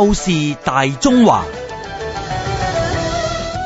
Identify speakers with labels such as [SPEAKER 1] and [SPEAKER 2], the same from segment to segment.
[SPEAKER 1] 透視大中華，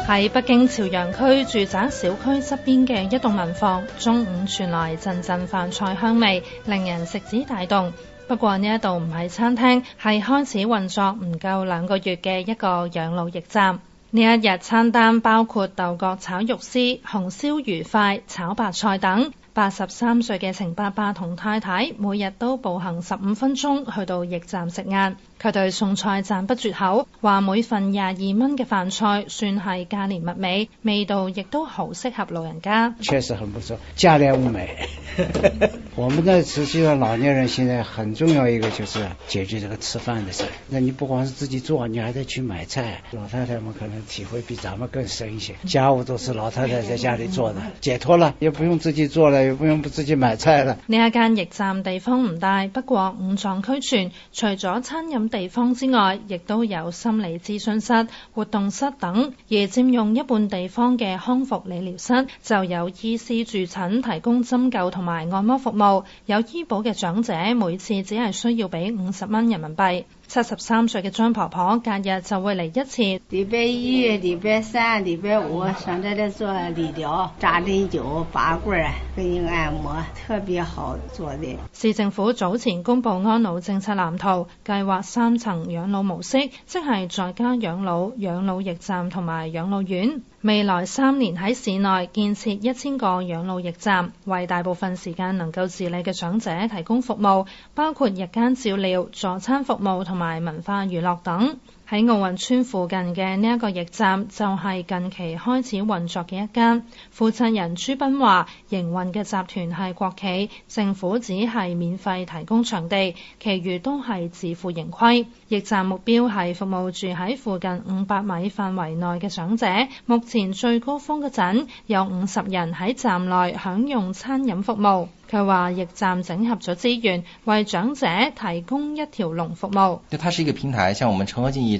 [SPEAKER 2] 喺北京朝陽區住宅小區側邊嘅一棟民房，中午傳來陣陣飯菜香味，令人食指大動。不過呢一度唔係餐廳，係開始運作唔夠兩個月嘅一個養老驛站。呢一日餐單包括豆角炒肉絲、紅燒魚塊、炒白菜等。八十三歲嘅程爸爸同太太每日都步行十五分鐘去到驛站食晏，佢對餸菜讚不絕口，話每份廿二蚊嘅飯菜算係價廉物美，味道亦都好適合老人家。
[SPEAKER 1] 確實很不錯，價廉物美。 我們在持際的老年人現在很重要一個就是解決這個吃飯的事。那你不光是自己做，你還得去買菜。老太太們可能體會比咱們更深一些。家務都是老太太在家裏做的，解脫了，也不用自己做了，也不用不自己買菜了。
[SPEAKER 2] 呢一間驛站地方唔大，不過五臟俱全。除咗餐飲地方之外，亦都有心理諮詢室、活動室等。而佔用一半地方嘅康復理療室，就有醫師駐診，提供針灸同埋按摩服務。有醫保嘅長者，每次只係需要俾五十蚊人民幣。七十三歲嘅張婆婆隔日就會嚟一次。禮拜一、禮拜三、禮拜五，上呢啲做理療、扎針灸、拔罐啊，俾你按摩，特別好做啲。市政府早前公布安老政策藍圖，計劃三層養老模式，即係在家養老、養老驛站同埋養老院。未來三年喺市內建設一千個養老驛站，為大部分時間能夠自理嘅長者提供服務，包括日間照料、助餐服務同同埋文化娛樂等。喺奧運村附近嘅呢一個驛站就係近期開始運作嘅一間。負責人朱斌話：營運嘅集團係國企，政府只係免費提供場地，其餘都係自負盈虧。驛站目標係服務住喺附近五百米範圍內嘅長者。目前最高峰嗰陣有五十人喺站內享用餐飲服務。佢話：驛站整合咗資源，為長者提供一條龍服務。
[SPEAKER 1] 佢係一個平台，像我們敬意。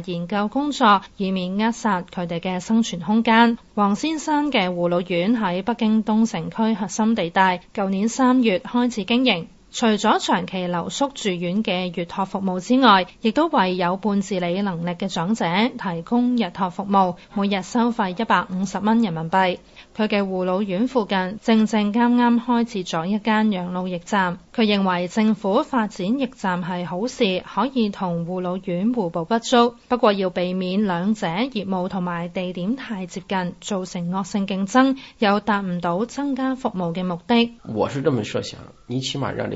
[SPEAKER 2] 研究工作，以免扼殺佢哋嘅生存空間。王先生嘅護老院喺北京東城區核心地帶，舊年三月開始經營。除咗長期留宿住院嘅月托服務之外，亦都為有半自理能力嘅長者提供日托服務，每日收費一百五十蚊人民幣。佢嘅護老院附近正正啱啱開設咗一間養老驛站，佢認為政府發展驛站係好事，可以同護老院互補不足。不過要避免兩者業務同埋地點太接近，造成惡性競爭，又達唔到增加服務嘅目的。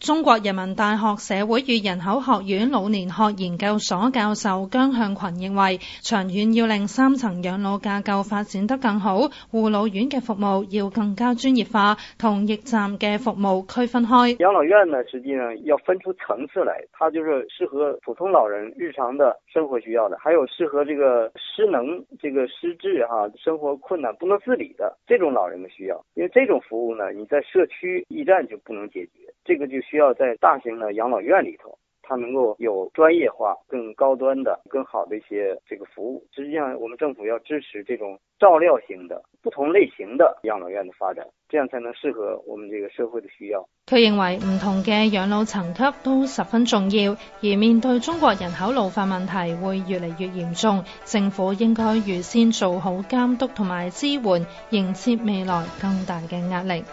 [SPEAKER 2] 中國人民大學社會與人口學院老年學研究所教授姜向群認為，長遠要令三層養老架構發展得更好，護老院嘅服務要更加專業化，同驛站嘅服務區分開。養老院呢，實際上
[SPEAKER 1] 要分出層次來，它就是適合普通老人日常的生活需要的，還有適合這個失能、這個失智、哈生活困難不能自理的這種老人
[SPEAKER 2] 嘅需要。因為這種服務呢，你在社區驛站就不能解決。這個就需要在大型的養老院裏頭，它能夠有專業化、更高端的、更好的一些這個服務。實際上，我們政府要支持這種照料型的、不同類型的養老院的發展，這樣才能適合我們這個社會的需要。佢認為唔同嘅養老層級都十分重要，而面對中國人口老化問題會越嚟越嚴重，政府應該預先做好監督同埋支援，迎接未來更大嘅壓力。